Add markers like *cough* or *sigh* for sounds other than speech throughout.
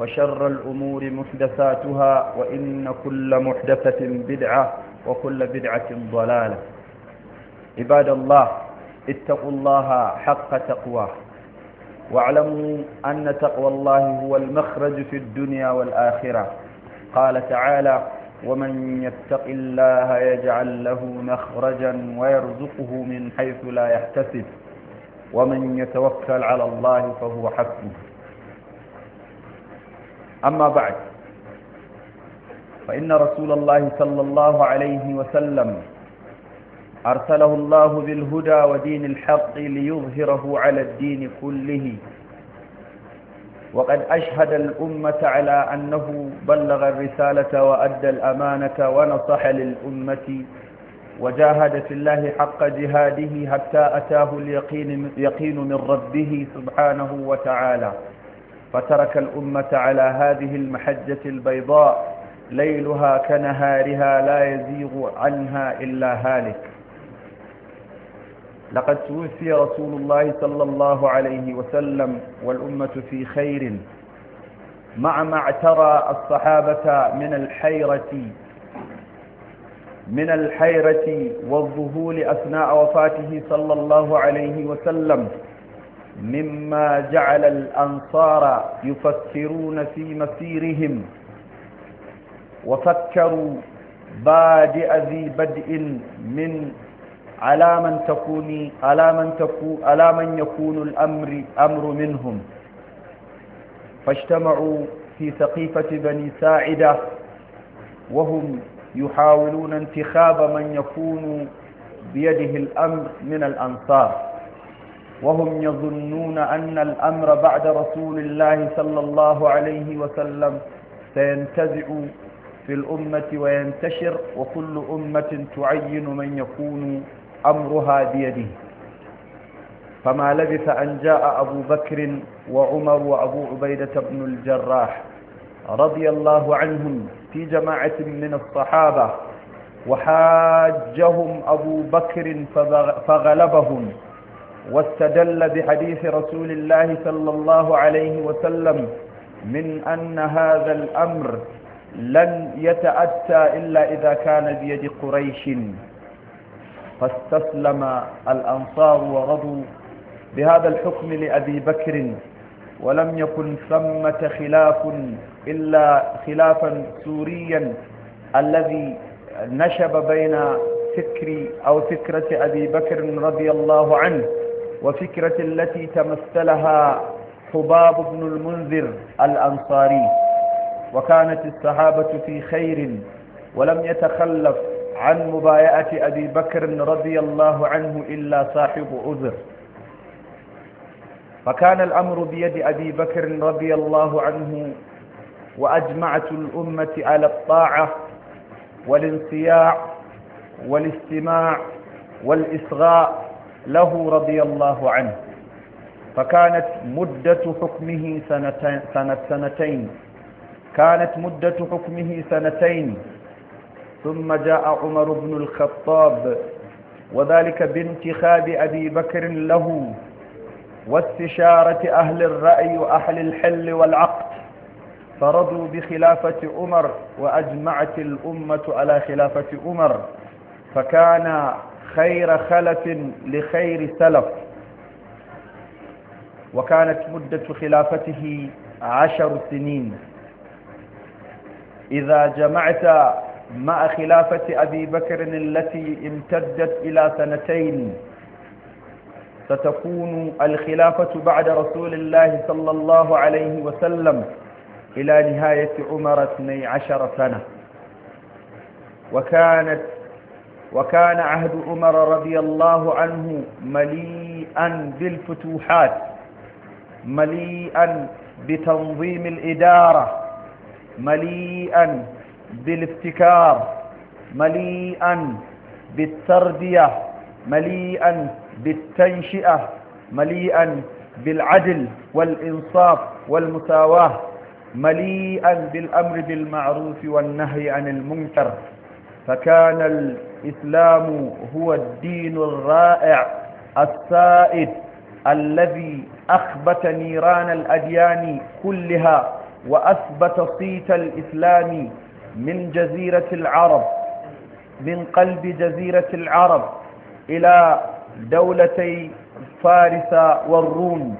وشر الأمور محدثاتها وإن كل محدثة بدعة وكل بدعة ضلالة عباد الله اتقوا الله حق تقواه واعلموا أن تقوى الله هو المخرج في الدنيا والآخرة قال تعالى ومن يتق الله يجعل له مخرجا ويرزقه من حيث لا يحتسب ومن يتوكل على الله فهو حسبه أما بعد فإن رسول الله صلى الله عليه وسلم أرسله الله بالهدى ودين الحق ليظهره على الدين كله وقد أشهد الأمة على أنه بلغ الرسالة وأدى الأمانة ونصح للأمة وجاهد في الله حق جهاده حتى أتاه اليقين يقين من ربه سبحانه وتعالى فترك الأمة على هذه المحجة البيضاء ليلها كنهارها لا يزيغ عنها إلا هالك لقد توفي رسول الله صلى الله عليه وسلم والأمة في خير مع ما اعترى الصحابة من الحيرة من الحيرة والظهول أثناء وفاته صلى الله عليه وسلم مما جعل الأنصار يفكرون في مسيرهم وفكروا بادئ ذي بدء من على من تكون على من تكون على من يكون الأمر أمر منهم فاجتمعوا في سقيفة بني ساعدة وهم يحاولون انتخاب من يكون بيده الأمر من الأنصار وهم يظنون أن الأمر بعد رسول الله صلى الله عليه وسلم سينتزع في الأمة وينتشر وكل أمة تعين من يكون أمرها بيده فما لبث أن جاء أبو بكر وعمر وأبو عبيدة بن الجراح رضي الله عنهم في جماعة من الصحابة وحاجهم أبو بكر فغلبهم واستدل بحديث رسول الله صلى الله عليه وسلم من أن هذا الأمر لن يتأتى إلا إذا كان بيد قريش فاستسلم الأنصار ورضوا بهذا الحكم لأبي بكر ولم يكن ثمة خلاف إلا خلافا سوريا الذي نشب بين فكر أو فكرة أبي بكر رضي الله عنه وفكرة التي تمثلها حباب بن المنذر الأنصاري وكانت الصحابة في خير ولم يتخلف عن مبايعة أبي بكر رضي الله عنه إلا صاحب عذر فكان الأمر بيد أبي بكر رضي الله عنه وأجمعت الأمة على الطاعة والانصياع والاستماع والإصغاء له رضي الله عنه فكانت مدة حكمه سنتين, سنتين كانت مدة حكمه سنتين ثم جاء عمر بن الخطاب وذلك بانتخاب أبي بكر له واستشارة أهل الرأي وأهل الحل والعقد فرضوا بخلافة عمر وأجمعت الأمة على خلافة عمر فكان خير خلف لخير سلف وكانت مدة خلافته عشر سنين إذا جمعت مع خلافة أبي بكر التي امتدت إلى سنتين ستكون الخلافة بعد رسول الله صلى الله عليه وسلم إلى نهاية عمر 12 سنة وكانت وكان عهد عمر رضي الله عنه مليئا بالفتوحات مليئا بتنظيم الإدارة مليئا بالابتكار مليئا بالتردية مليئا بالتنشئة مليئا بالعدل والإنصاف والمساواة مليئا بالأمر بالمعروف والنهي عن المنكر فكان الإسلام هو الدين الرائع السائد الذي أخبت نيران الأديان كلها وأثبت صيت الإسلام من جزيرة العرب من قلب جزيرة العرب إلى دولتي فارس والروم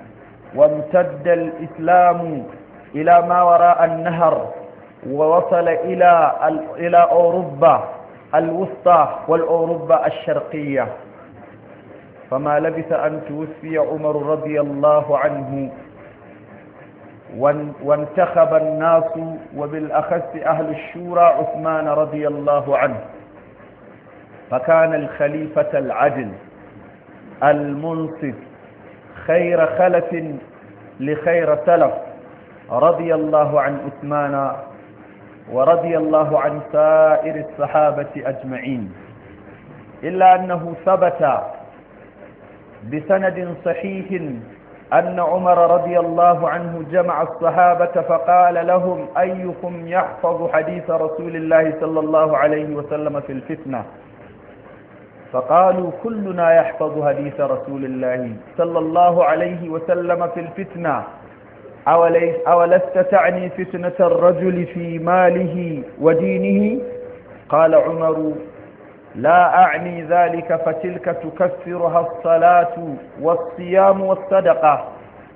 وامتد الإسلام إلى ما وراء النهر ووصل إلى إلى أوروبا الوسطى والأوروبا الشرقية فما لبث أن توفي عمر رضي الله عنه وانتخب الناس وبالأخص أهل الشورى عثمان رضي الله عنه فكان الخليفة العدل المنصف خير خلف لخير سلف رضي الله عن عثمان ورضي الله عن سائر الصحابة أجمعين إلا أنه ثبت بسند صحيح أن عمر رضي الله عنه جمع الصحابة فقال لهم أيكم يحفظ حديث رسول الله صلى الله عليه وسلم في الفتنة فقالوا كلنا يحفظ حديث رسول الله صلى الله عليه وسلم في الفتنة أولست تعني فتنة الرجل في ماله ودينه قال عمر لا أعني ذلك فتلك تكفرها الصلاة والصيام والصدقة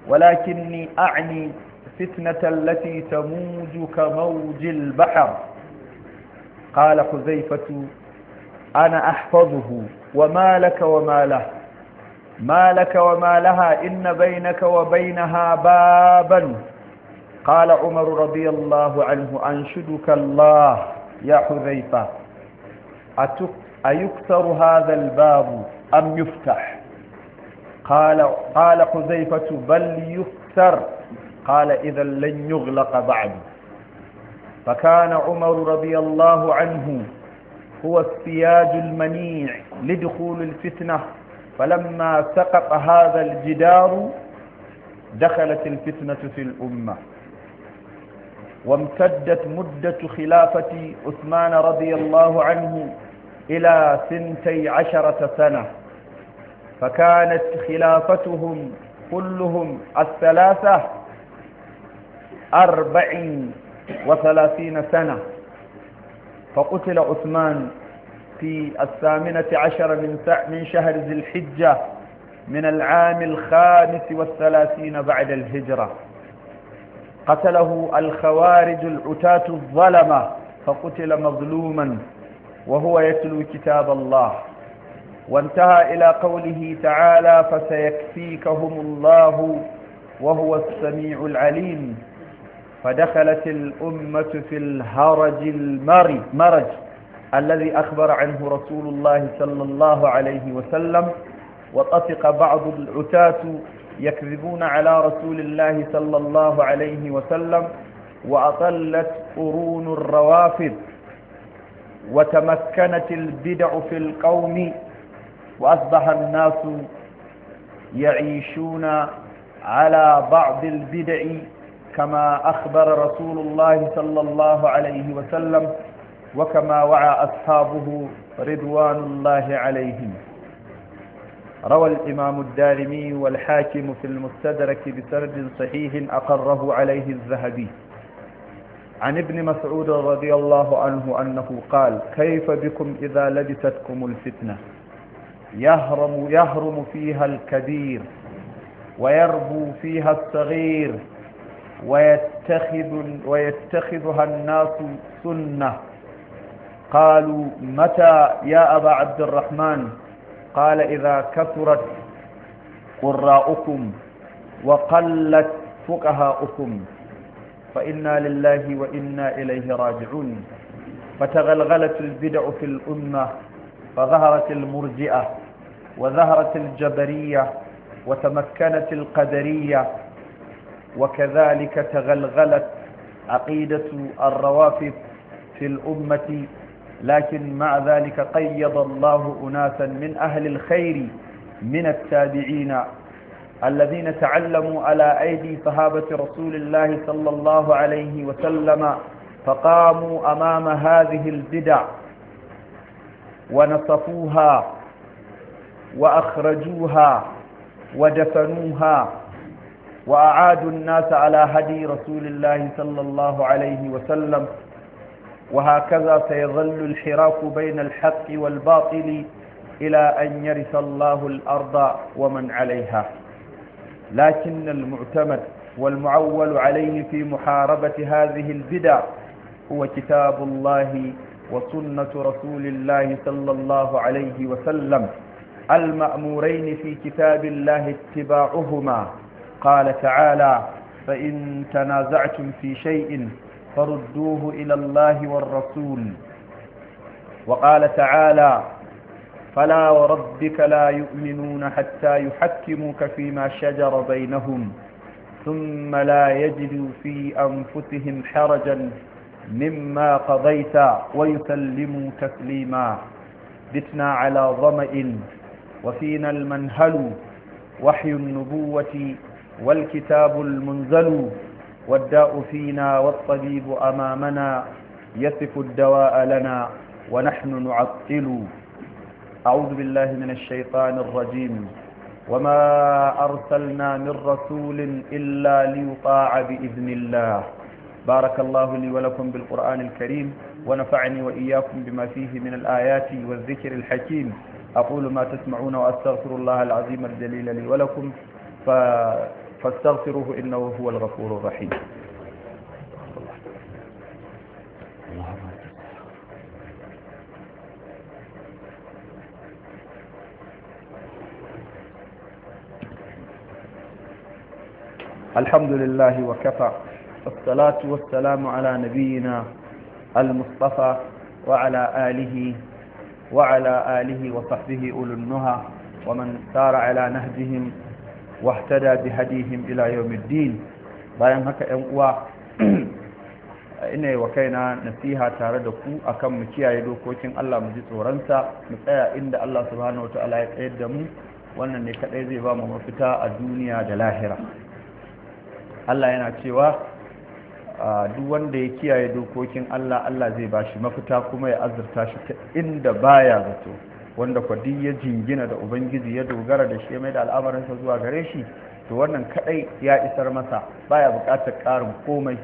ولكني أعني فتنة التي تموج كموج البحر قال خزيفة أنا أحفظه وما لك وما له ما لك وما لها إن بينك وبينها بابا قال عمر رضي الله عنه أنشدك الله يا حذيفة أيكثر هذا الباب أم يفتح قال قال حذيفة بل يكثر قال إذا لن يغلق بعد فكان عمر رضي الله عنه هو السياج المنيع لدخول الفتنة فلما سقط هذا الجدار دخلت الفتنة في الأمة وامتدت مدة خلافة عثمان رضي الله عنه إلى سنتي عشرة سنة فكانت خلافتهم كلهم الثلاثة أربع وثلاثين سنة فقتل عثمان في الثامنة عشر من من شهر ذي الحجة من العام الخامس والثلاثين بعد الهجرة قتله الخوارج العتاة الظلمة فقتل مظلوما وهو يتلو كتاب الله وانتهى إلى قوله تعالى فسيكفيكهم الله وهو السميع العليم فدخلت الأمة في الهرج المرج الذي أخبر عنه رسول الله صلى الله عليه وسلم وطفق بعض العتاة يكذبون على رسول الله صلى الله عليه وسلم وأطلت قرون الروافد وتمكنت البدع في القوم وأصبح الناس يعيشون على بعض البدع كما أخبر رسول الله صلى الله عليه وسلم وكما وعى أصحابه رضوان الله عليهم روى الإمام الدارمي والحاكم في المستدرك بسرد صحيح أقره عليه الذهبي عن ابن مسعود رضي الله عنه أنه قال كيف بكم إذا لبستكم الفتنة يهرم, يهرم فيها الكبير ويربو فيها الصغير ويتخذ ويتخذها الناس سنه قالوا متى يا أبا عبد الرحمن قال إذا كثرت قراءكم وقلت فقهاؤكم فإنا لله وإنا إليه راجعون فتغلغلت البدع في الأمة فظهرت المرجئة وظهرت الجبرية وتمكنت القدرية وكذلك تغلغلت عقيدة الروافض في الأمة لكن مع ذلك قيض الله أناسا من أهل الخير من التابعين الذين تعلموا على أيدي صحابة رسول الله صلى الله عليه وسلم فقاموا أمام هذه البدع ونصفوها وأخرجوها ودفنوها وأعادوا الناس على هدي رسول الله صلى الله عليه وسلم وهكذا سيظل الحراك بين الحق والباطل إلى أن يرث الله الأرض ومن عليها لكن المعتمد والمعول عليه في محاربة هذه البدع هو كتاب الله وسنة رسول الله صلى الله عليه وسلم المأمورين في كتاب الله اتباعهما قال تعالى فإن تنازعتم في شيء فردوه إلى الله والرسول وقال تعالى فلا وربك لا يؤمنون حتى يحكموك فيما شجر بينهم ثم لا يجدوا في أنفسهم حرجا مما قضيت ويسلموا تسليما بتنا على ظمئ وفينا المنهل وحي النبوة والكتاب المنزل والداء فينا والطبيب أمامنا يصف الدواء لنا ونحن نعطل أعوذ بالله من الشيطان الرجيم وما أرسلنا من رسول إلا ليطاع بإذن الله بارك الله لي ولكم بالقرآن الكريم ونفعني وإياكم بما فيه من الآيات والذكر الحكيم أقول ما تسمعون وأستغفر الله العظيم الجليل لي ولكم ف فاستغفروه إنه هو الغفور الرحيم الحمد لله وكفى والصلاة والسلام على نبينا المصطفى وعلى آله وعلى آله وصحبه أولو النهى ومن سار على نهجهم واهتدى بهديهم إلى يوم الدين bayan haka ‘yan uwa *clears throat* ina yi wa kaina nasiha tare da ku akan mu kiyaye dokokin Allah mu ji tsoronsa mu tsaya inda Allah subhanahu wata'ala ya tsayar da mu wannan ne kadai zai ba mu mafita a duniya da lahira Allah yana cewa duk wanda ya kiyaye dokokin Allah Allah zai bashi mafita kuma ya azurta shi ta inda baya zato wanda kwadi ya jingina da ubangiji ya dogara da shi mai da al'amarinsa zuwa gare shi to wannan kadai ya isar masa baya bukatar ƙarin komai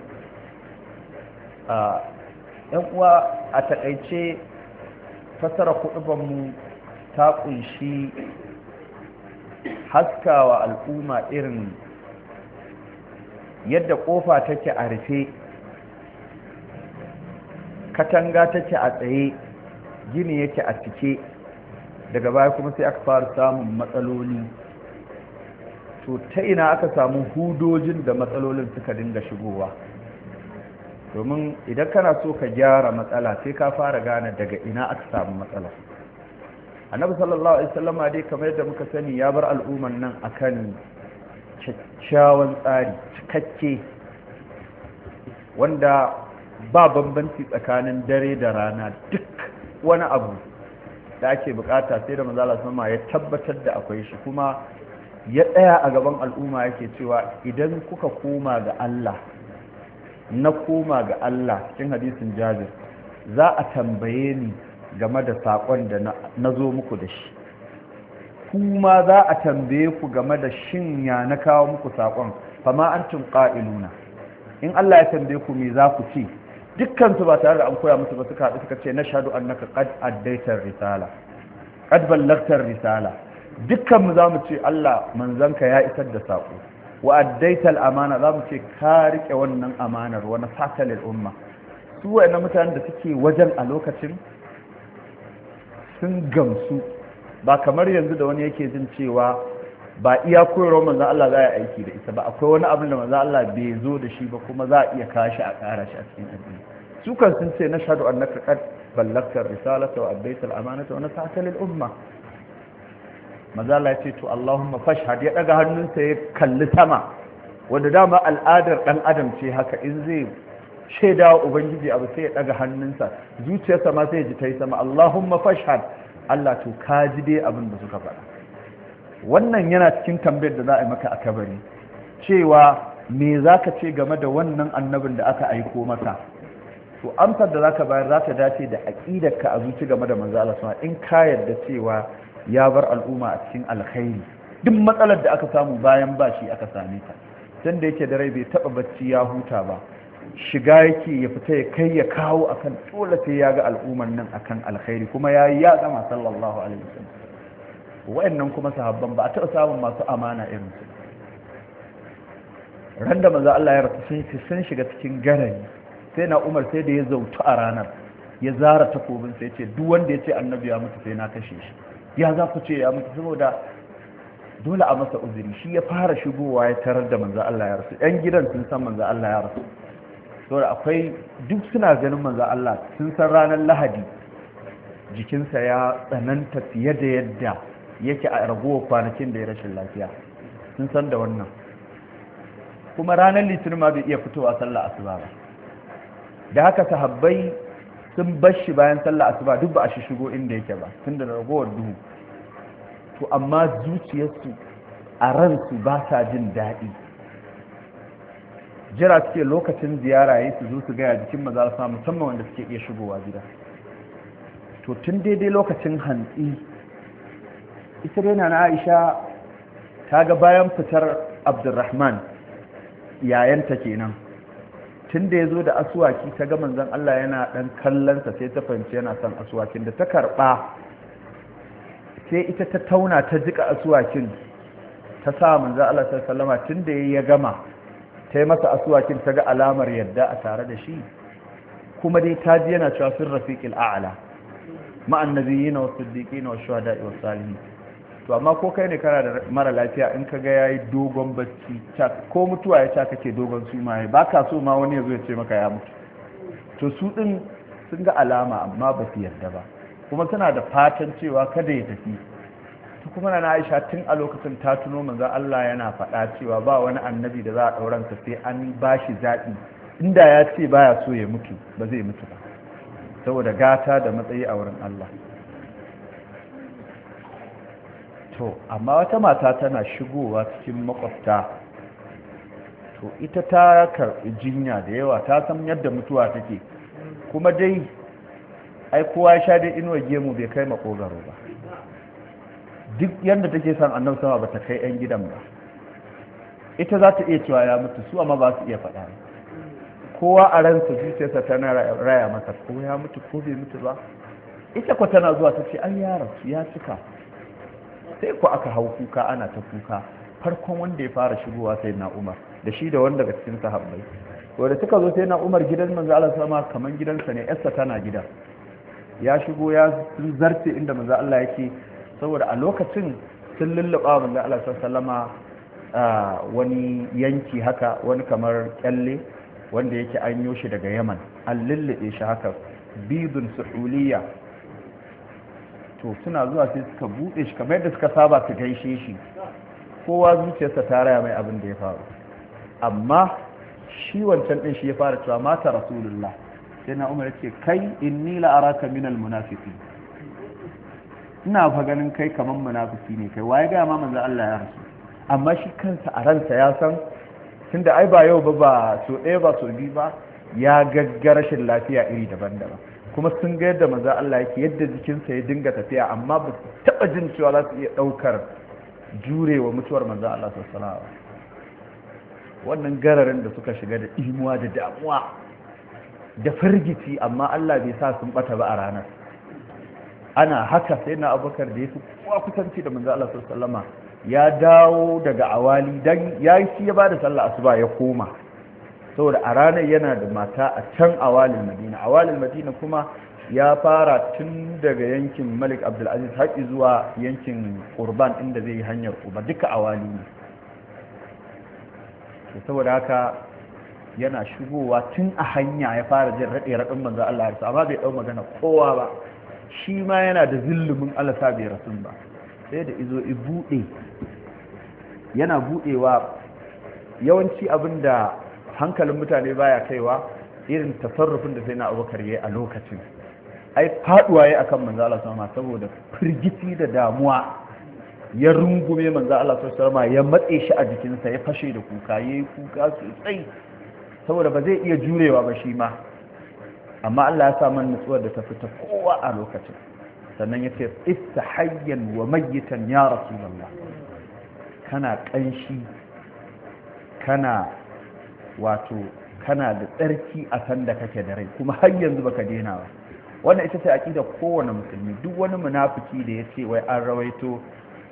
yan uwa a takaice fasara mu ta ƙunshi haskawa al'umma irin yadda kofa take a rufe katanga take a tsaye gini yake a cike daga baya kuma sai aka fara samun matsaloli to ta ina aka samu hudojin da matsalolin suka dinga shigowa domin idan kana so ka gyara matsala sai ka fara gane daga ina aka samu matsala annabi sallallahu alaihi wasallama dai kamar yadda muka sani ya bar al'umman nan akan kyakkyawan tsari cikakke wanda ba bambanci tsakanin dare da rana duk wani abu da ake bukata sai da manzala sama ya tabbatar da akwai shi kuma ya tsaya a gaban al'umma yake cewa idan kuka koma ga Allah na koma ga Allah cikin hadisin jabir za a tambaye ni game da saƙon da na zo muku da shi kuma za a tambaye ku game da shin ya na kawo muku saƙon fama an tun ƙa'iluna in Allah ya tambaye ku me za ku ce dukkan ba tare da an koya musu ba suka haɗu suka ce na shaɗu an naka ƙad risala ƙad risala dukkan mu za mu ce Allah manzanka ya isar da saƙo wa addaitar amana za mu ce ka riƙe wannan amanar wani fatalin umma su waina mutanen da suke wajen a lokacin sun gamsu ba kamar yanzu da wani yake jin cewa ba iya koyarwa manzan Allah za a aiki da ita ba akwai wani abin da manzan Allah bai zo da shi ba kuma za a iya kashi a kara shi a cikin addini su kan sun ce na shaɗu an naka kad ballakar risalata wa abbaita al'amanata wa umma manzan Allah ya ce to Allahumma fashhad ya daga hannunsa ya kalli sama wanda dama al'adar ɗan adam ce haka in zai shaidawa ubangiji abu sai ya daga hannunsa zuciyarsa ma sai ya ji ta yi sama Allahumma fashhad Allah to ka ji dai abin da suka faɗa wannan yana cikin tambayar da za a yi maka a kabari cewa me za ka ce game da wannan annabin da aka aiko maka? to amsar da za ka bayar za ta dace da aƙidarka a zuci game da manzo Allah sama in ka yarda cewa ya bar al'umma a cikin alkhairi duk matsalar da aka samu bayan bashi aka same ta tunda yake da rai bai taɓa bacci ya huta ba shiga yake ya fita ya kai ya kawo akan dole sai ya ga al'ummar nan akan alkhairi kuma ya yi ya zama sallallahu alaihi wasallam wa'annan kuma sahabban ba a taɓa samun masu amana irin su ran da maza Allah ya rasu sai sun shiga cikin garari sai na Umar sai da ya zautu a ranar ya zara takobin sai ce duk wanda ya ce annabi ya mutu sai na kashe shi ya za ku ce ya mutu saboda dole a masa uzuri shi ya fara shigowa ya tarar da manzo Allah ya rasu ɗan gidan sun san manzo Allah ya rasu saboda akwai duk suna ganin manzo Allah sun san ranar lahadi jikinsa ya tsananta fiye da yadda yake a ragowar kwanakin da ya rashin lafiya sun san da wannan kuma ranar litinin ma bai iya fitowa sallah asuba ba da haka sahabbai sun bar shi bayan sallah asuba duk ba a shi shigo inda yake ba tun da ragowar duhu to amma zuciyarsu a ransu ba sa jin daɗi jira suke lokacin ziyara ya su zo su gaya jikin maza sa musamman wanda suke iya shigowa gida to tun daidai lokacin hantsi ita dai na aisha ta ga bayan fitar abdurrahman yayanta kenan tun da ya zo da asuwaki ta ga manzan allah yana dan kallonsa sai ta fahimci yana son asuwakin da ta karba sai ita ta tauna ta jika asuwakin ta sa manzan allah sallama tun da ya gama ta masa asuwakin ta ga alamar yadda a tare da shi kuma dai ta ji yana cewa sun rafiƙil a'ala ma'an na nabiyyi na wasu diƙi na wasu shahada iwa salihi to amma ko kai ne kana da mara lafiya in ka ga yi dogon bacci ko mutuwa ya ca kake dogon su ma ba ka so ma wani ya zo ya ce maka ya mutu to su ɗin sun ga alama amma ba su yarda ba kuma suna da fatan cewa kada ya tafi kuma na Aisha tun a lokacin ta tuno manzo Allah yana faɗa cewa ba wani annabi da za a ɗauran sa sai an ba shi zaɓi inda ya ce baya so ya mutu ba zai mutu ba saboda gata da matsayi a wurin Allah to amma wata mata tana shigowa cikin makwabta to ita ta karɓi jinya da yawa ta san yadda mutuwa take kuma dai ai kowa sha dai inuwa gemu bai kai makogaro ba duk yadda take san annabi sama ba ta kai 'yan gidan ba ita za ta iya cewa ya mutu su amma ba su iya faɗa kowa a ransa sa tana raya masa ko ya mutu ko bai mutu ba ita kwa tana zuwa ta ce an yara su ya cika sai ku aka hau kuka ana ta kuka farkon wanda ya fara shigowa sai na umar da shi da wanda daga cikin sahabbai wanda suka zo sai na umar gidan manzo Allah sama kaman gidansa ne yarsa tana gida ya shigo ya zarce inda manzo Allah yake saboda a lokacin sun lullaba manzan Allah sallama wani yanki haka wani kamar kyalle wanda yake an yi shi daga yaman an lullube shi haka bidun suhuliya to suna zuwa sai suka buɗe shi kamar yadda suka saba su gaishe shi kowa zuciyarsa ta raya mai abin da ya faru amma shi wancan ɗin shi ya fara cewa mata rasulullah sai na umar ce kai inni araka minal munafiqin ina fa ganin kai kamar munafiki ne kai waye ga ma manzo Allah ya rasu amma shi kansa a ransa ya san tunda ai ba yau ba ba so ɗaya ba so biyu ba ya gagga rashin lafiya iri daban-daban kuma sun ga yadda manzo Allah yake yadda jikinsa ya dinga tafiya amma ba su taba jin cewa za su iya daukar jurewa mutuwar manzo Allah sallallahu alaihi wannan gararin da suka shiga da imuwa da damuwa da firgici amma Allah bai sa sun bata ba a ranar ana haka sai na abubakar da ya fi kowa kusanci da manzo Allah sallama ya dawo daga awali dan ya shi ya bada sallah asuba ya koma saboda a ranar yana da mata a can awalin madina awalin madina kuma ya fara tun daga yankin malik abdulaziz haƙi zuwa yankin urban inda zai yi hanyar uba duka awali ne saboda haka yana shigowa tun a hanya ya fara jin raɗe raɗin manzo Allah ya amma bai ɗau magana kowa ba shi ma yana da zillumin alasa bai rasun ba sai da izo i bude, yana buɗewa yawanci abin da hankalin mutane baya kaiwa irin tasarrufin da sai na abokar yayi a lokacin ai faduwa yayi akan manzo Allah sama saboda firgiti da damuwa ya rungume manzo Allah sama ya matse shi a jikinsa ya fashe da kuka yayi kuka sosai saboda ba zai iya jurewa ba shi ma amma Allah ya sa man nutsuwar da ta fita kowa a lokacin sannan ya ce ista hayyan wa mayyitan ya rasulullah kana kanshi kana wato kana da tsarki a san da kake da rai kuma har yanzu baka daina ba wannan ita ce aqida kowane musulmi duk wani munafiki da ya ce wai an rawaito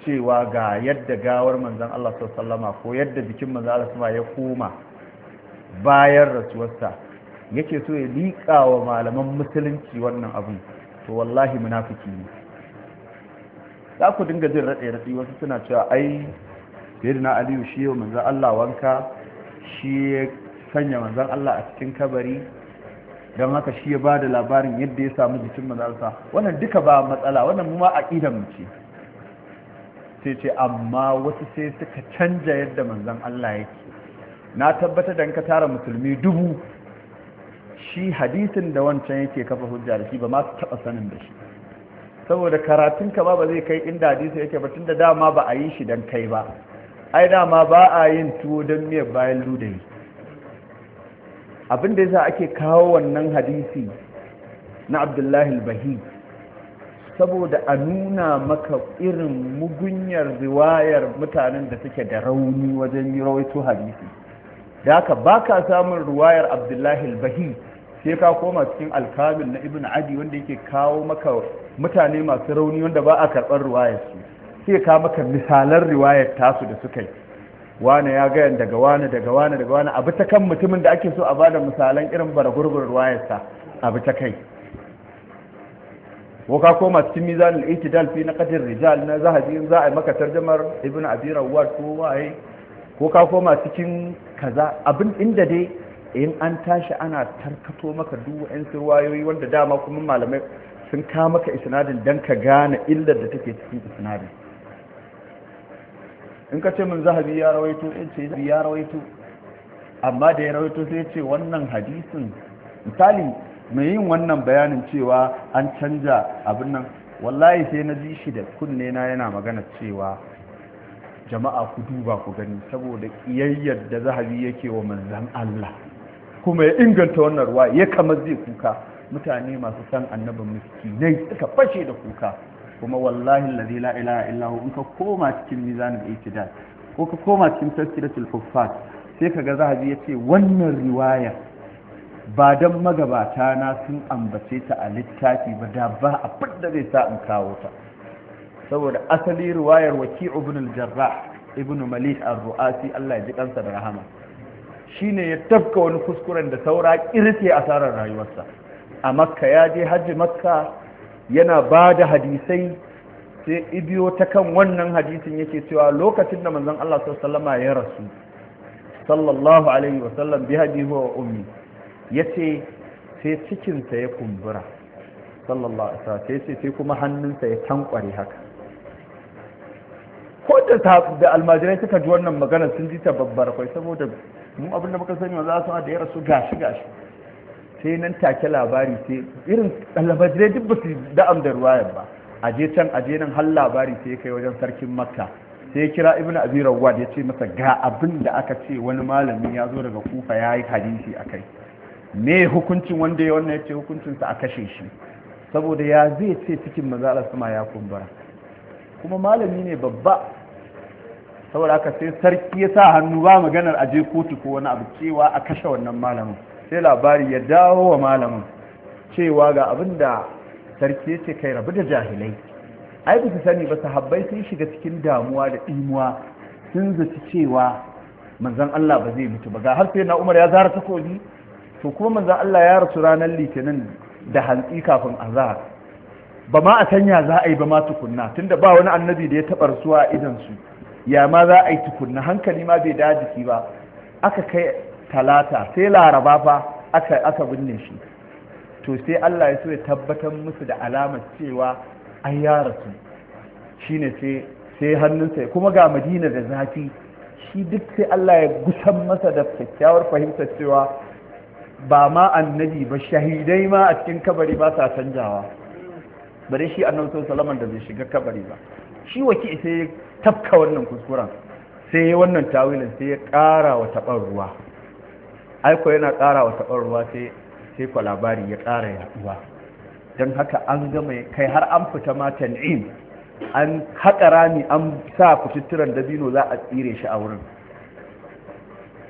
cewa ga yadda gawar manzon Allah sallallahu alaihi ko yadda jikin manzon Allah ya koma bayan rasuwarsa yake so ya liƙa wa malaman musulunci wannan abin to wallahi munafiki ne za ku dinga jin raɗe-raɗe wasu suna cewa ai yadda na aliyu shi yau manzan Allah wanka shi ya sanya manzan Allah a cikin kabari don haka shi ya ba da labarin yadda ya samu jikin manzansa wannan duka ba matsala wannan mu ma aƙidan mu ce sai ce amma wasu sai suka canja yadda manzan Allah yake na tabbata dan ka tara musulmi dubu shi hadisin da wancan yake kafa hujja da shi ba ma su taɓa sanin da shi saboda karatun ka ba ba zai kai inda hadisi yake ba tunda dama ba a yi shi don kai ba ai dama ba a yin tuwo don miyar bayan ludayi abin da yasa ake kawo wannan hadisi na abdullahi bahi saboda a nuna maka irin mugunyar riwayar mutanen da suke da rauni wajen yi rawaito hadisi da haka ba ka samun ruwayar abdullahi bahi sai ka koma cikin alkamil na ibn adi wanda yake kawo maka mutane masu rauni wanda ba a karɓar riwayar su sai ka maka misalan riwayar tasu da suka yi wane ya gayan daga wane daga wane daga wane abu ta kan mutumin da ake so a bada misalan irin bara gurgur riwayar sa abu ta kai ko ka koma cikin al itidal fi naqdir rijal na zahabi za a maka tarjumar ibn abi rawad ko waye ko ka koma cikin kaza abin inda dai in an tashi ana tarkato maka duwa 'yan wayoyi wanda dama kuma malamai sun ka maka isnadin don ka gane illar da take cikin isnadin in ka ce min zahabi ya rawaito in ce ya rawaito amma da ya rawaito sai ce wannan hadisin misali mai yin wannan bayanin cewa an canja abin nan wallahi sai na ji shi da kunne na yana magana cewa jama'a ku duba ku gani saboda kiyayyar da zahabi yake wa manzan Allah kuma ya inganta wannan ruwa ya kama zai kuka mutane masu san annabin miskinai suka fashe da kuka kuma wallahi lazi la ilaha illahu in ka koma cikin mizanin itidal ko ka koma cikin da huffaz sai ka ga zahabi yace wannan riwaya ba dan magabata na sun ambace ta a littafi ba da ba a da zai sa in kawo ta saboda asali riwayar waki ibn al-jarrah ibn malik ar-ru'asi Allah ya ji kansa da rahama shine ya tafka wani kuskuren da saura kirce asarar rayuwarsa a makka ya je hajji makka yana ba da hadisai sai ibiyo ta kan wannan hadisin yake cewa lokacin da manzon Allah sallama ya rasu sallallahu alaihi wasallam bi hadihi wa ummi yace sai cikinsa ya kumbura sallallahu alaihi wasallam sai sai kuma hannunsa ya tankware haka ko da da almajirai suka ji wannan magana sun ji ta babbar kai saboda mun abin da muka sani a su da ya rasu gashi gashi sai nan take labari sai irin ɗalibai duk ba su da'am da ruwayar ba je can a je nan har labari sai kai wajen sarkin makka sai ya kira ibn abi rawad ya ce masa ga abin da aka ce wani malami ya zo daga kufa ya yi hadisi a kai me hukuncin wanda ya wannan ya ce hukuncinsa a kashe shi saboda ya zai ce cikin mazalar sama ya kumbura kuma malami ne babba saboda haka sai sarki ya sa hannu ba maganar a je kotu ko wani abu cewa a kashe wannan malamin sai labari ya dawo wa malamin cewa ga abin da sarki ya kai rabu da jahilai ai ba su sani ba su habbai sun shiga cikin damuwa da imuwa sun zaci cewa manzan Allah ba zai mutu ba ga har sai na Umar ya zara takobi to kuma manzan Allah ya rasu ranar litinin da hantsi kafin azhar ba ma a sanya za a yi ba ma tukunna tunda ba wani annabi da ya taɓa rasuwa a idan su ya ma za a yi tukunna hankali ma bai da jiki ba aka kai talata sai laraba fa aka binne shi to sai Allah ya so ya tabbatar musu da alamar cewa an yara su shi sai sai hannunsa kuma ga madina da zafi shi duk sai Allah ya gusan masa da kyakkyawar fahimtar cewa ba ma annabi ba shahidai ma a cikin kabari ba sa canjawa bare shi annabi sallallahu alaihi da bai shiga kabari ba shi waki sai tafka wannan kuskuren sai yi wannan tawilin sai ya ƙara wa taɓar ruwa aiko yana ƙara wa taɓar ruwa sai kwa labari ya ƙara yaɗuwa don haka an gama kai har an fita matan, in an haƙa rami an sa kututturen dabino za a tsire shi a wurin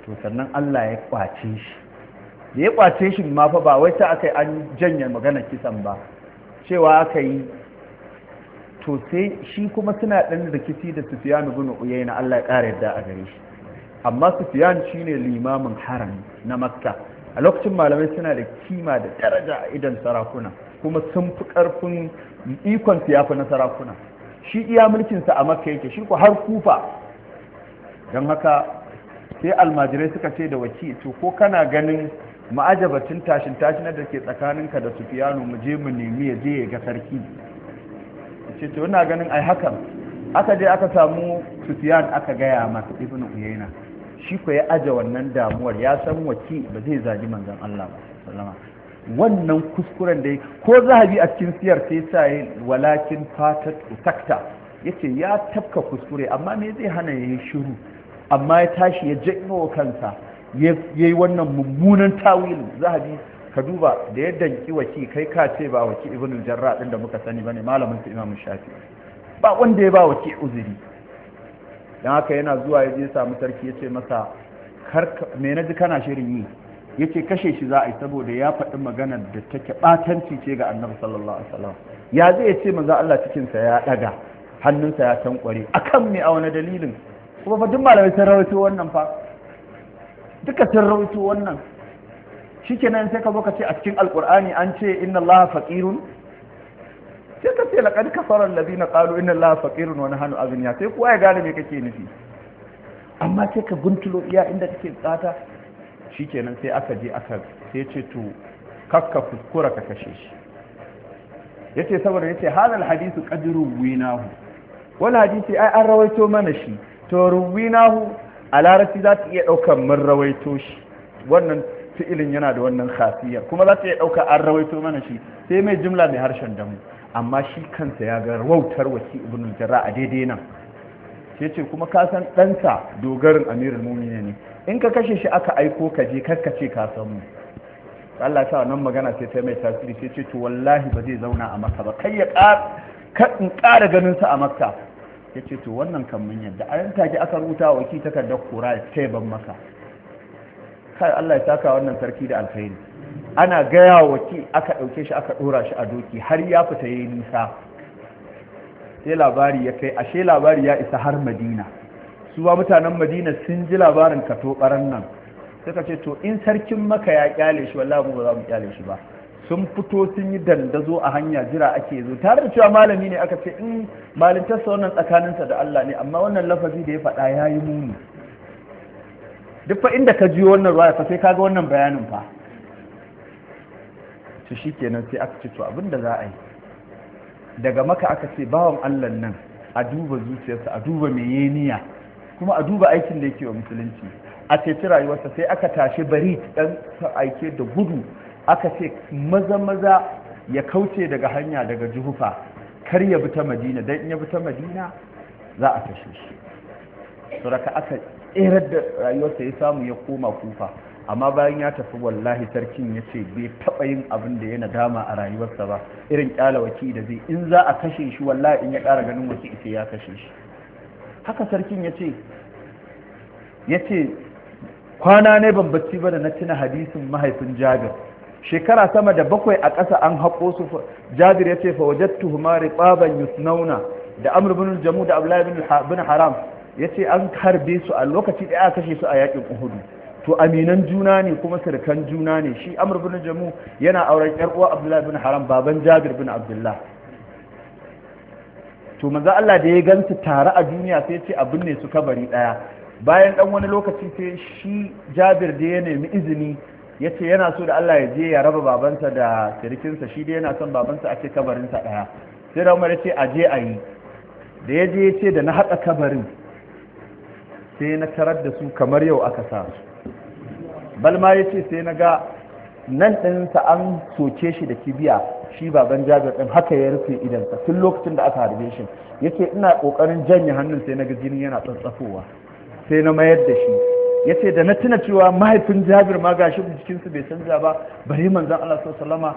to sannan allah ya ƙwace shi da ya ƙwace shi ma fa ba wai ta aka yi an janye maganar kisan ba cewa aka yi to sai shi kuma suna ɗan rikici da sufiyanu bin uyayna Allah ya ƙara yadda a gare shi amma sufiyan shine limamin haram na makka a lokacin malamai suna da kima da daraja a idan sarakuna kuma sun fi ƙarfin ikon siyafa na sarakuna shi iya mulkinsa a makka yake shi ko har kufa don haka sai almajirai suka ce da waki to ko kana ganin ma'ajabacin tashin na da ke tsakaninka da sufiyanu mu je mu nemi ya je ya ga sarki ce to ganin ai hakan aka je aka samu Sufyan aka gaya masa Ibn Uyayna shi ko ya aje wannan damuwar ya san waki ba zai zagi manzon Allah sallama wannan kuskuren da ko zahabi a cikin siyar sai sa walakin fatat takta yace ya tafka kuskure amma me zai hana yayi shiru amma ya tashi ya janyo kansa yayi wannan mummunan tawil zahabi ka duba da yadda ki waki kai ka ce ba waki ibn jarra din da muka sani bane malamin su imam shafi ba wanda ya ba waki uzuri dan haka yana zuwa ya je samu sarki ya ce masa kar me naji kana shirin yi yace kashe shi za a yi saboda ya faɗi maganar da take batanci ce ga annabi sallallahu alaihi wasallam ya zai ce manzo Allah cikin sa ya daga hannunsa ya tankware akan me a wani dalilin kuma fa duk malamai sun rawaito wannan fa duka sun rawaito wannan shikenan sai ka zo ka ce a cikin Alkur'ani an ce inna allaha faqirun sai ka ce laqad kafara alladhina qalu inna allaha faqirun wa nahnu aghniya sai kuwa ya gane me kake nufi amma sai ka guntulo iya inda kake tsata shikenan sai aka je aka sai ce to kakka kuskura ka kashe shi yace saboda yace hadal hadithu qadru winahu wal hadisi ai an rawaito mana shi to ruwinahu a larabci za ta iya ɗaukan mun rawaito shi wannan fi'ilin yana da wannan khasiyar kuma za ta iya ɗauka an rawaito mana shi sai mai jimla mai harshen damu amma shi kansa ya ga wautar waki ibn jarra a daidai nan ke ce kuma ka san ɗansa dogarin amirul mumini ne in ka kashe shi aka aiko ka je ce ka san mu Allah ya sa wannan magana sai ta mai tasiri sai ce to wallahi ba zai zauna a maka ba kai ya ƙar in ganin sa a makka ya ce to wannan kan mun yadda a take aka rubuta wa ki takardar kura ya ban maka kai Allah ya saka wannan sarki da alkhairi ana gaya wa ki aka ɗauke shi aka ɗora shi a doki har ya fita ya yi nisa sai labari ya kai ashe labari ya isa har madina su ba mutanen madina sun ji labarin kato ɓaran nan suka ce to in sarkin maka ya kyale shi wallahi mu ba za mu kyale shi ba sun fito sun yi dandazo a hanya jira ake zo tare da cewa malami ne aka ce in mm, malintarsa wannan tsakaninsa da Allah ne amma wannan lafazi da ya faɗa ya yi muni duk fa inda ka ji wannan ruwaya fa sai kaga wannan bayanin fa to kenan sai aka ce to abinda za a yi daga maka aka ce bawan Allah nan a duba zuciyarsa a duba meyeniya, kuma a duba aikin da yake wa musulunci a ceci rayuwarsa sai aka tashi bari dan aike da gudu aka ce maza maza ya kauce daga hanya daga juhufa kar ya bi ta madina dan in ya bi ta madina za a tashe shi saboda aka tserar da rayuwarsa ya samu ya koma kufa amma bayan ya tafi wallahi sarkin ya ce bai taɓa yin abin da ya nadama a rayuwarsa ba irin ƙyala waki da zai in za a kashe shi wallahi in ya ƙara ganin waki ita ya kashe shi haka sarkin ya ce ya ce kwana ne ban bacci ba da na tuna hadisin mahaifin jabir shekara sama da bakwai a ƙasa an haƙo su jabir ya ce fa wajattu huma riqaban yusnauna da amr bin jamu da abdullahi bin haram ya ce an harbe su a lokaci ɗaya a kashe su a yakin uhudu to aminan juna ne kuma sirkan juna ne shi amur bin jamu yana auren yar uwa abdullahi bin haram baban jabir bin abdullah to manzo Allah da ya ganta tare a duniya sai ce abin ne su kabari daya bayan dan wani lokaci sai shi jabir da ya nemi izini ya ce yana so da Allah ya je ya raba babansa da sirikinsa shi da yana son babansa a ce kabarinsa daya sai da umar ya ce a je a yi da ya je ya ce da na haɗa kabarin sai na tarar da su kamar yau aka sa su balma yace sai na ga nan ɗinsa an soke shi da kibiya shi baban jabir ɗin haka ya rufe idansa tun lokacin da aka harbe shi yake ina kokarin janye hannun sai na ga jini yana tsatsafowa sai na mayar da shi Yace da na tuna cewa mahaifin jabir ma gashi jikinsu bai canza ba bari manzan allah sallama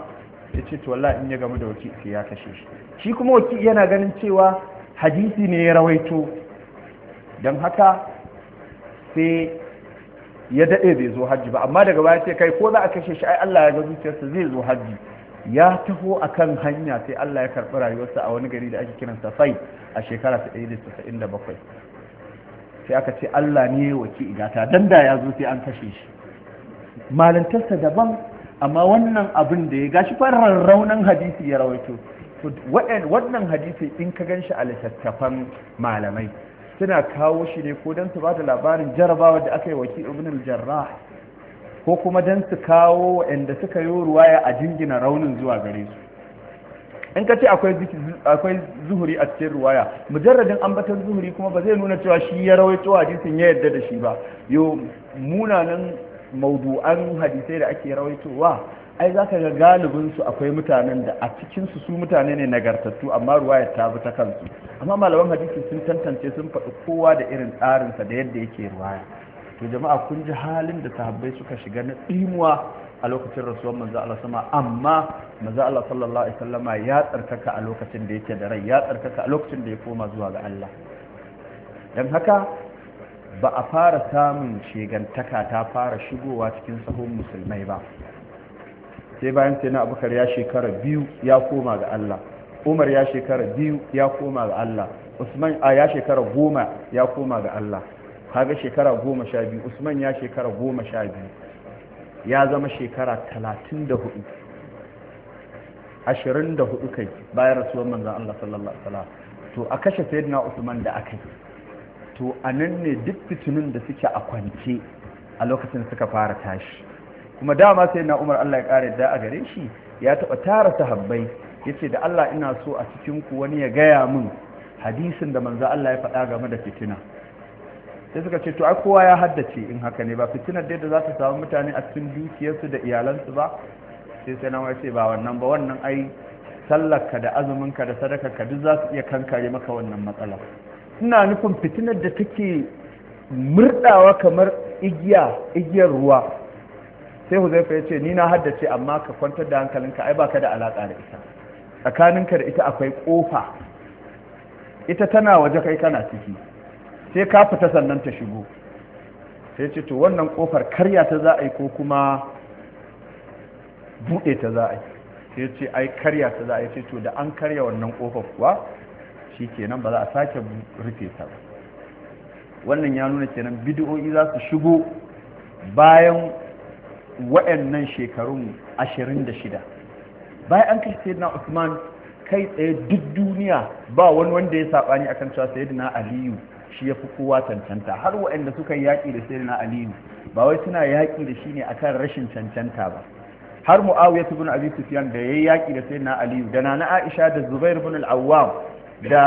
ya ce to in ya gamu da waki ke ya kashe shi shi kuma waki yana ganin cewa hadisi ne ya rawaito don haka sai ya daɗe bai zo hajji ba amma daga baya sai kai ko za a kashe shi ai Allah ya ga zuciyarsa zai zo hajji ya taho a kan hanya sai Allah ya karɓi rayuwarsa a wani gari da ake kiran Safai a shekara ta bakwai. sai aka ce Allah ne waki igata dan da ya zo sai an kashe shi malantarsa daban amma wannan abin da ya gashi farar raunin hadisi ya rawaito wannan hadisi in ka gan shi a littattafan malamai suna kawo shi ne ko don su ba da labarin jarabawa da aka yi wa ibn jarrah ko kuma don su kawo waɗanda suka yi ruwaya a jingina raunin zuwa gare su in ka ce akwai zuhuri a cikin ruwaya mujarradin ambatan zuhuri kuma ba zai nuna cewa shi ya rawaito hadisin ya yadda da shi ba yo munanan maudu'an hadisai da ake rawaitowa ai za ka ga galibinsu akwai mutanen da a cikinsu su mutane ne nagartattu amma ruwayar ta bi ta kansu amma malaman hadisi sun tantance sun faɗi kowa da irin tsarinsa da yadda yake ruwaya to jama'a kun ji halin da sahabbai suka shiga na tsimuwa a lokacin rasuwar manzo Allah sama amma manzo Allah sallallahu alaihi wasallama ya tsarkaka a lokacin da yake da rai ya tsarkaka a lokacin da ya koma zuwa ga Allah dan haka ba a fara samun shegantaka ta fara shigowa cikin sahun musulmai ba sai bayan sai na abubakar ya shekara biyu ya koma ga Allah umar ya shekara biyu ya koma ga Allah usman a ya shekara goma ya koma ga Allah haga shekara goma sha biyu usman ya shekara goma sha biyu ya zama shekara talatin da hudu ashirin da hudu kai bayan rasuwar manzan Allah sallallahu alaihi wasallam to a kashe sayyidina usman da aka yi to a nan ne duk fitinin da suke a kwance a lokacin suka fara tashi kuma dama sai na umar allah ya kare da a gare shi ya taɓa tara sahabbai yace da Allah ina so a cikin ku wani ya gaya min hadisin da manzo Allah ya faɗa game da fitina sai suka ce to ai kowa ya haddace in haka ne ba fitinar dai da za ta samu mutane a cikin dukiyarsu da iyalansu ba sai sai nawa ce ba wannan ba wannan ai sallarka da azuminka da sadakarka duk za su iya kankare maka wannan matsala ina nufin fitinar da take murdawa kamar igiya igiyar ruwa sai huzaifa ya ce ni na haddace amma ka kwantar da hankalinka ai baka da alaka da ita tsakaninka da ita akwai kofa. ita tana waje kai kana ciki sai ka fita sannan ta shigo sai ce to wannan kofar karya ta za a yi ko kuma buɗe ta za a yi sai ce ai karya ta za a yi ce to da an karya wannan kofar kuwa shi kenan ba za a sake rufe ta ba wannan ya nuna kenan bidiyoyi za su shigo bayan wa'annan shekarun ashirin da shida bayan an kai sayyidina usman kai tsaye duk duniya ba wani wanda ya sabani akan cewa sayyidina aliyu shi ya fi kowa cancanta har waɗanda suka yi yaƙi da sayyidina aliyu ba wai suna yaƙi da shi ne akan rashin cancanta ba har muawiya ibn abi sufyan da yayi yaƙi da sayyidina aliyu da nana aisha da zubair ibn al-awwam da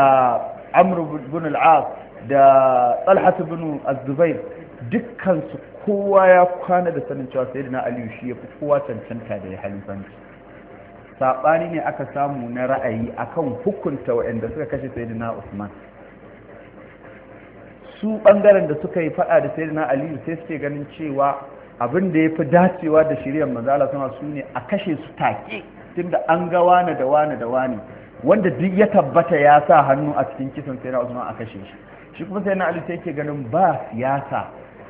amr ibn al-as da talha ibn az-zubair dukkan su kowa ya kwana da sanin cewa sayyidina aliyu shi ya fi kowa cancanta da ya halifanci saɓani ne aka samu na ra'ayi akan hukunta waɗanda suka kashe sayyidina usman su ɓangaren da suka yi faɗa da sayyidina aliyu sai suke ganin cewa abin da ya fi dacewa da manzo mazala sama su ne a kashe su take tunda an ga wani da wani da wani wanda duk ya tabbata ya sa hannu a cikin kisan sayyidina usman a kashe shi shi kuma sayyidina ali sai ke ganin ba siyasa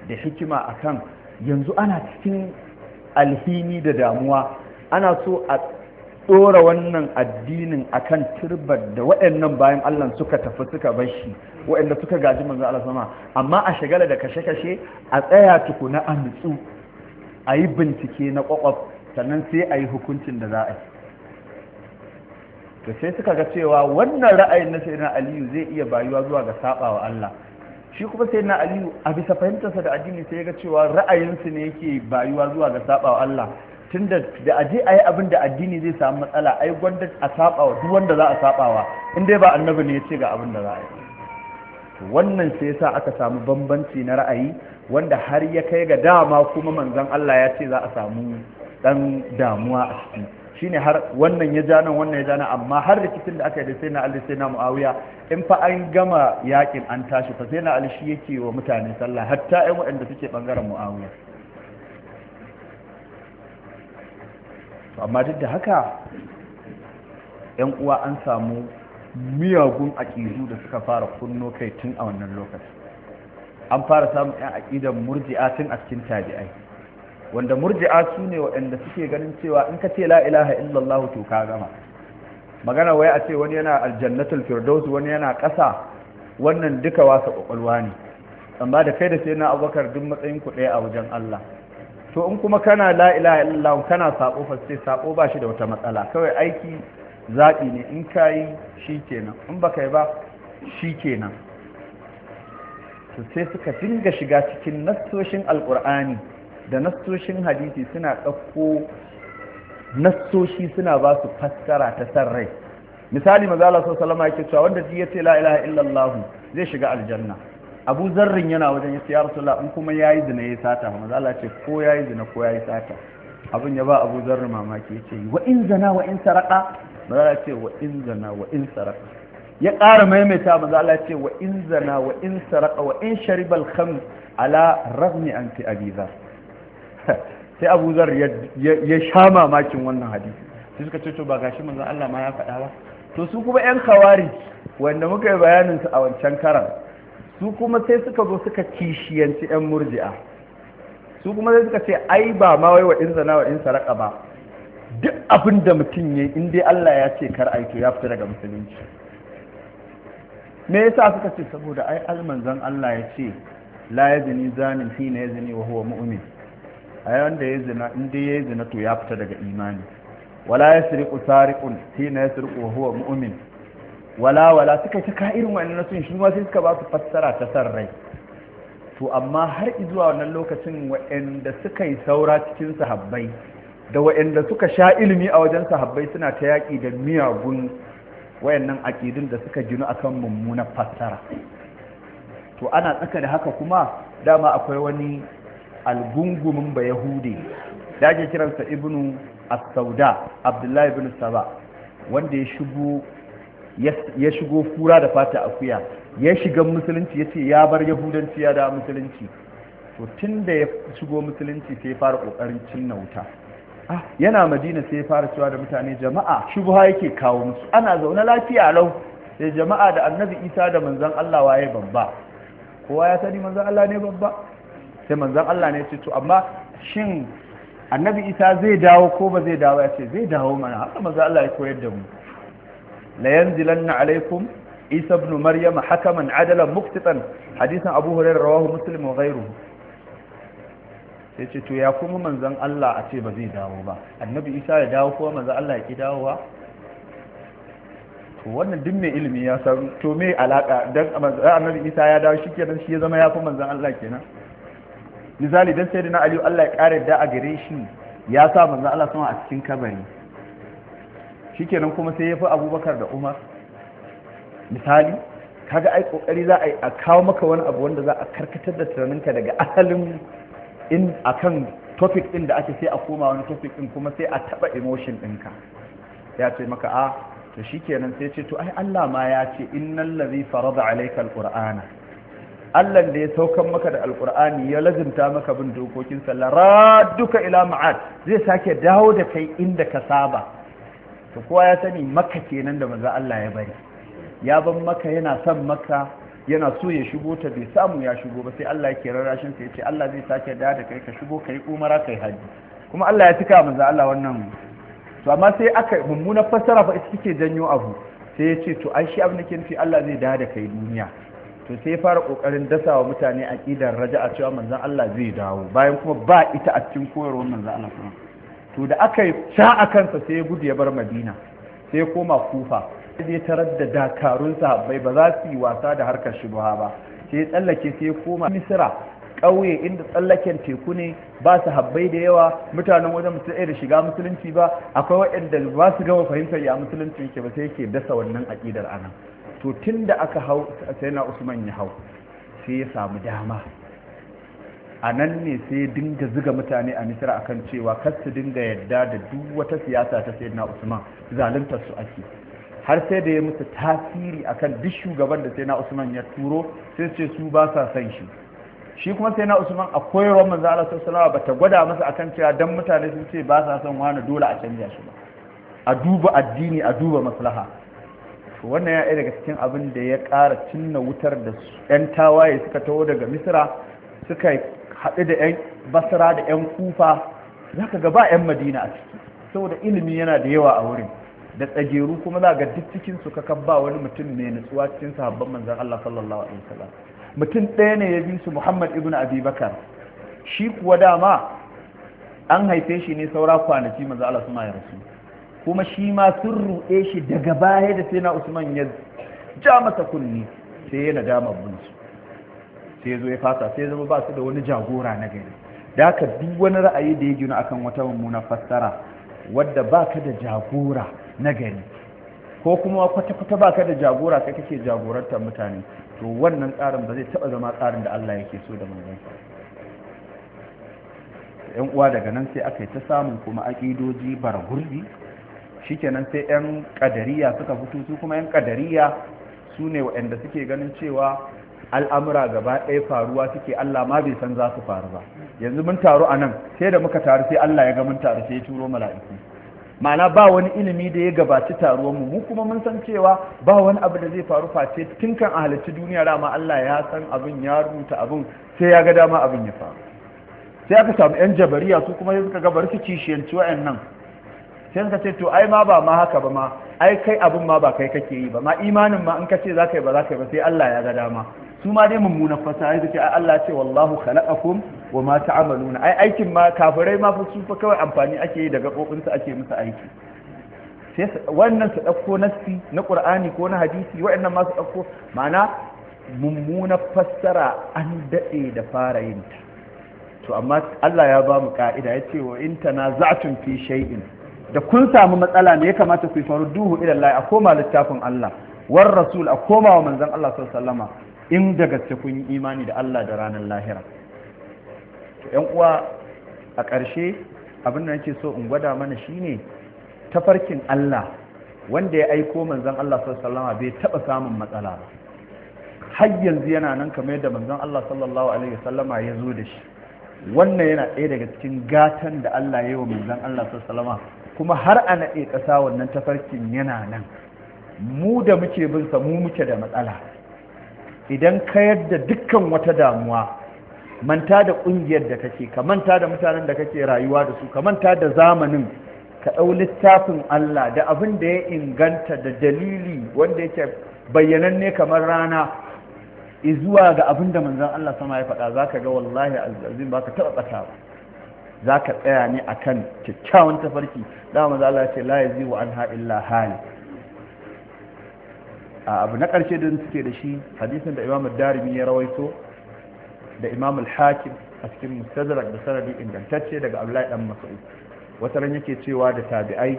da hikima akan yanzu ana cikin alhini da damuwa ana so a ɗora wannan addinin akan turbar da waɗannan bayan Allah suka tafi suka bar shi waɗanda suka gaji manzo Allah sama amma a shagala da kashe-kashe a tsaya tukuna a nutsu a yi bincike na ƙwaƙwaf sannan sai a yi hukuncin da za a yi da sai suka ga cewa wannan ra'ayin na sayyidina aliyu zai iya bayuwa zuwa ga sabawa Allah shi kuma sayyidina aliyu a bisa fahimtarsa da addini sai ya ga cewa ra'ayinsu ne yake bayuwa zuwa ga sabawa Allah tun da aje a yi abin da addini zai samu matsala ai gwanda a saɓawa duk wanda za a saɓawa in dai ba annabi ne ya ce ga abin da za a yi wannan sai yasa aka samu bambanci na ra'ayi wanda har ya kai ga dama kuma manzon Allah ya ce za a samu dan damuwa a ciki shine har wannan ya ja nan wannan ya ja nan amma har rikicin da aka yi da sai na Ali sai na Muawiya in fa an gama yakin an tashi fa sai na Ali shi yake wa mutane sallah hatta ƴan waɗanda suke bangaren Muawiya to amma duk da haka yan uwa an samu miyagun aƙidu da suka fara kunno kai tun a wannan lokaci an fara samun yan aƙidan murji'a tun a cikin tabi'ai wanda murji'a su ne waɗanda suke ganin cewa in ka ce la ilaha illallah to ka gama magana wai a ce wani yana aljannatul firdaus wani yana ƙasa wannan duka wasa ƙwaƙwalwa ne amma da kai da sai na abubakar duk matsayin ku ɗaya a wajen Allah to in kuma kana la ilaha illallah kana sabo fa sai sabo ba shi da wata matsala kawai aiki zaɓi ne in kayi shikenan in baka yi ba shikenan to sai suka dinga shiga cikin nassoshin alkur'ani da nassoshin hadisi suna dauko nassoshi suna ba su fassara ta san rai misali maza Allah sallallahu alaihi wasallam yake cewa wanda ji yace la ilaha illallah zai shiga aljanna abu zarrin yana wajen ya siya rasulullah in kuma ya yi zina ya sata manzo Allah ce ko ya yi zina ko ya yi sata abin ya ba abu zarrin mamaki ya ce wa in zana wa in saraka manzo Allah ce wa in zana wa in saraka ya ƙara maimaita manzo Allah ce wa in zana wa in saraka wa in sharibal khams ala ragmi an fi abiza *laughs* sai abu zar ya sha mamakin wannan hadisi sai suka ce to ba gashi manzo Allah ma ya faɗa ba to su kuma yan kawari wanda muka yi bayanin su a wancan karan su kuma sai suka zo suka kishiyanci 'yan murji'a su kuma sai suka ce ai ba ma wai wa zana wa in saraka ba duk abin da mutum ya inda dai Allah ya ce kar aiki ya fita daga musulunci me yasa suka ce saboda ai almanzan Allah ya ce la ya zini zanin fi na zini wa huwa mu'min ai wanda ya zina in dai ya zina to ya fita daga imani wala yasriqu sariqun fi na yasriqu wa huwa mu'min wala wala suka ta ka irin wannan shi ma sai suka ba su fassara ta san rai to amma har zuwa wannan lokacin waɗanda suka yi saura cikin sahabbai da waɗanda suka sha ilimi a wajen sahabbai suna ta yaƙi da miyagun wayannan aƙidun da suka ginu akan mummunan fassara to ana tsaka da haka kuma dama akwai wani algungumin ba yahudi da ake kiransa ibnu as-sauda abdullahi ibnu saba wanda ya shigo ya shigo fura da fata akuya ya shiga musulunci ya ce ya bar yahudanci ya da musulunci to tun da ya shigo musulunci sai ya fara kokarin cinna wuta ah, yana madina sai ya fara cewa da mutane jama'a shubuha yake kawo musu ana zaune lafiya lau sai jama'a da annabi isa da manzon allah waye babba kowa ya sani manzon allah ne babba sai manzon allah ne ce to amma shin annabi isa zai dawo ko ba zai dawo ya ce zai dawo mana haka manzon allah ya koyar da mu la yanzilanna alaikum isa ibn maryam hakaman adala muqtatan hadithan abu hurairah rawahu muslim wa ghayruhu yace to ya kuma manzon Allah a ce ba zai dawo ba annabi isa ya dawo kuma manzon Allah ya ki dawowa to wannan duk mai ilimi ya san to me alaka dan annabi isa ya dawo shikenan shi ya zama ya kuma manzon Allah kenan misali dan sayyidina ali Allah ya kare da a gare shi ya sa manzon Allah sama a cikin kabari shikenan kuma sai ya fi abubakar da umar misali kaga ai kokari za a kawo maka wani abu wanda za a karkatar da tunaninka daga asalin in akan topic din da ake sai a koma wani topic din kuma sai a taba emotion ɗinka ya ce maka a ah, to shikenan sai ce to ai Allah ma ya ce innal ladhi farada alayka alqur'ana Allah da ya saukan maka da alqur'ani ya lazimta maka bin dokokin sallah radduka ila ma'ad zai sake dawo da kai inda ka saba to kowa ya sani maka kenan da maza Allah ya bari ya ban maka yana son maka yana so ya shigo ta bai samu ya shigo ba sai Allah yake rarrashin sa yace Allah zai sake da da kai ka shigo kai umara kai haji kuma Allah ya tuka maza Allah wannan to amma sai aka mummuna fassara fa ita kike janyo abu sai ce to ai shi abin da nufi Allah zai da da kai duniya to sai fara kokarin dasawa mutane aqidar raja'a cewa manzon Allah zai dawo bayan kuma ba ita a cikin koyarwar manzon Allah sallallahu to da aka sha a kansa sai ya gudu ya bar madina sai ya koma kufa zai tarar da dakarun sahabbai ba za su yi wasa da harkar shubha ba sai ya tsallake sai ya koma misira ƙauye inda tsallaken teku ne ba su habbai da yawa mutanen wajen mutum da shiga musulunci ba akwai waɗanda ba su gama fahimtar ya musulunci yake ba sai yake dasa wannan aƙidar anan to tun da aka hau sai na usman ya hau sai ya samu dama a nan ne sai dinga ziga mutane a misira akan cewa kar su dinga yadda da duk wata siyasa ta sayyidina usman zalunta su ake har sai da ya musu tasiri akan duk shugaban da sayyidina usman ya turo sai ce su ba sa san shi shi kuma na usman a koyarwar manzo Allah sallallahu bata gwada masa akan cewa dan mutane sun ce ba sa son wani dole a canja shi ba a duba addini a duba maslaha wannan ya daga cikin abin da ya kara cinna wutar da 'yan tawaye suka taho daga misira suka haɗe da 'yan basara da 'yan kufa za ka gaba 'yan madina a ciki saboda ilimi yana da yawa a wurin da tsageru kuma za ga duk cikin su kan ba wani mutum ne nutsuwa cikin sahabban manzan Allah sallallahu alaihi wasallam mutum ɗaya ne ya bi su Muhammad ibn Abi shi kuwa dama an haife shi ne saura kwanaki manzan Allah ya rasu kuma shi ma sun ruɗe shi daga baya da sai na Usman ya ja masa kunni sai ya nadama bunsu sai zo ya fasa sai zama ba su da wani jagora na gari da aka duk wani ra'ayi da ya gina akan wata mummuna fassara wadda ba ka da jagora na gari ko kuma kwata-kwata ba ka da jagora kai kake jagorantar mutane to wannan tsarin ba zai taba zama tsarin da Allah yake so da manzon yan uwa daga nan sai aka yi ta samun kuma aƙidoji bara gurbi shikenan sai yan ƙadariya suka fito su kuma yan kadariya su ne waɗanda suke ganin cewa al'amura gaba ɗaya faruwa suke Allah ma bai san za su faru ba yanzu mun taru a nan sai da muka taru sai Allah ya ga mun taru sai ya turo mala'iku ma'ana ba wani ilimi da ya gabaci taruwan mu kuma mun san cewa ba wani abu da zai faru face tun kan a halarci duniya dama Allah ya san abin ya rubuta abin sai ya ga dama abin ya faru sai aka samu yan jabariya su kuma suka ga bari su kishiyanci nan. sai suka ce to ai ma ba ma haka ba ma ai kai abin ma ba kai kake yi ba ma imanin ma in ka ce za ka yi ba za ka yi ba sai Allah ya ga dama su ma dai mummunan fasaha suke a Allah ce wallahu khalaqakum wa ma ta'maluna ai aikin ma kafirai ma fa su fa kawai amfani ake yi daga kokon su ake musu aiki sai wannan su dauko nassi na Qur'ani ko na hadisi wayannan ma su dauko ma'ana mummunan fassara an dade da fara yin ta to amma Allah ya ba mu ka'ida yace wa in tanaza'tum fi shay'in da kun samu matsala ne ya kamata ku yi faru duhu ila Allah a koma littafin Allah war rasul a koma wa manzon Allah sallallahu alaihi wasallama in da gaske kun yi imani da Allah da ranar lahira to uwa a ƙarshe abin da nake so in gwada mana shine tafarkin Allah wanda ya aiko manzon Allah sallallahu alaihi bai taba samun matsala ba har yanzu yana nan kamar yadda manzon Allah sallallahu alaihi wasallama ya zo da shi wannan yana ɗaya daga cikin gatan da Allah ya yi wa manzon Allah sallallahu alaihi kuma har a naɗe ƙasa wannan tafarkin yana nan mu da muke bin sa mu muke da matsala idan ka yadda dukkan wata damuwa manta da ƙungiyar da kake ka manta da mutanen da kake rayuwa da su ka manta da zamanin ka ɗau littafin Allah da abin da ya inganta da dalili wanda yake bayyananne kamar rana izuwa ga abin da manzon Allah sama ya faɗa za ka ga wallahi ba ka taɓa ɓata ba za ka tsaya ne kan kyakkyawan tafarki da manzon Allah ya ce la wa an illa hali abu na ƙarshe da suke da shi hadisin da imam darimi ya rawaito da imam al-hakim a cikin mustadrak da sanadi ingantacce daga abdullahi dan mas'ud wata ran yake cewa da tabi'ai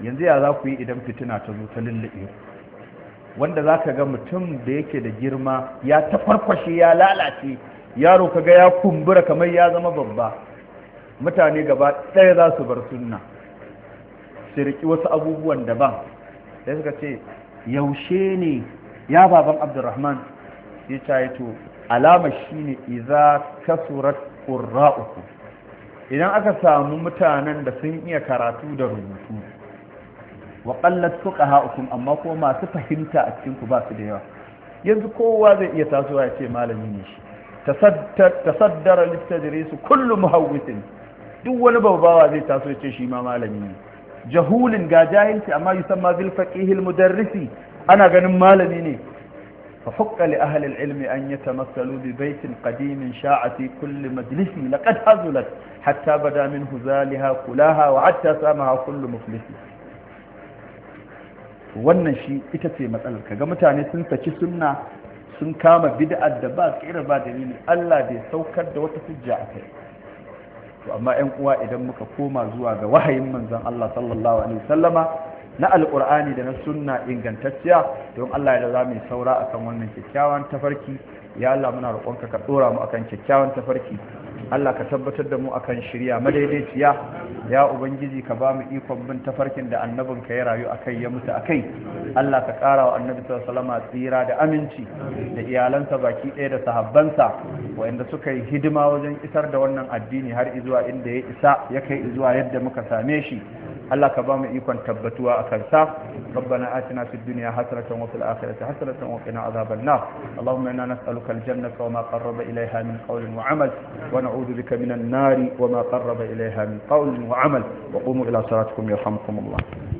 yanzu ya za ku yi idan fitina ta zo ta lullube wanda za ka ga mutum da yake da girma ya farkwashe ya lalace yaro ka ga ya kumbura kamar ya zama babba mutane gaba ɗaya za su bar sunna su riƙi wasu abubuwan daban sai suka ce yaushe ne ya baban abdurrahman ya ta yi to alama shi ne iza kasurat uku. idan aka samu mutanen da sun iya karatu da rubutu wa suka ha'ukun amma ko masu fahimta a cikinku ba su da yawa yanzu kowa zai iya tasowa ya ce malami ne shi tasaddara su kullum muhawwisin duk wani babawa zai taso ya ce shi ma malami ne jahulin ga jahilci amma yusamma bil faƙihil mudarrisi ana ganin malami ne fa hukka li ahalil ilmi an yatamassalu bi baitin ƙadimin, sha'ati fi majalisi na ƙad hazulat hatta bada ha kula ha wa hatta ha kullu muflisi wannan shi ita ce matsalar kaga mutane sun saki sunna sun kama bid'ar da ba tsira ba dalili Allah bai saukar da wata hujja a kai to amma ƴan uwa idan muka koma zuwa ga wahayin manzon Allah sallallahu alaihi wasallama na alqur'ani da na sunna ingantacciya don Allah ya za mu saura akan wannan kyakkyawan tafarki ya Allah muna roƙonka ka dora mu akan kyakkyawan tafarki Allah ka tabbatar da mu akan shirya madaidaiciya ya ubangiji ka ba mu ikon bin tafarkin da annabin ka ya rayu a kai ya mutu a kai. Allah ka ƙara wa annabi sallallahu alaihi tsira da aminci da iyalansa baki ɗaya da sahabbansa wanda suka yi hidima wajen isar da wannan addini har izuwa inda ya isa ya kai izuwa yadda muka same shi Allah ka ba mu ikon tabbatuwa a kansa rabbana atina fid dunya hasanatan wa fil akhirati hasanatan wa qina adhaban nar allahumma inna nas'aluka al jannata wa ma qarraba ilayha min qawlin wa amal wa na'udhu bika min an nar wa ma qarraba ilayha min qawlin wa amal wa qumu ila salatikum yarhamkum allah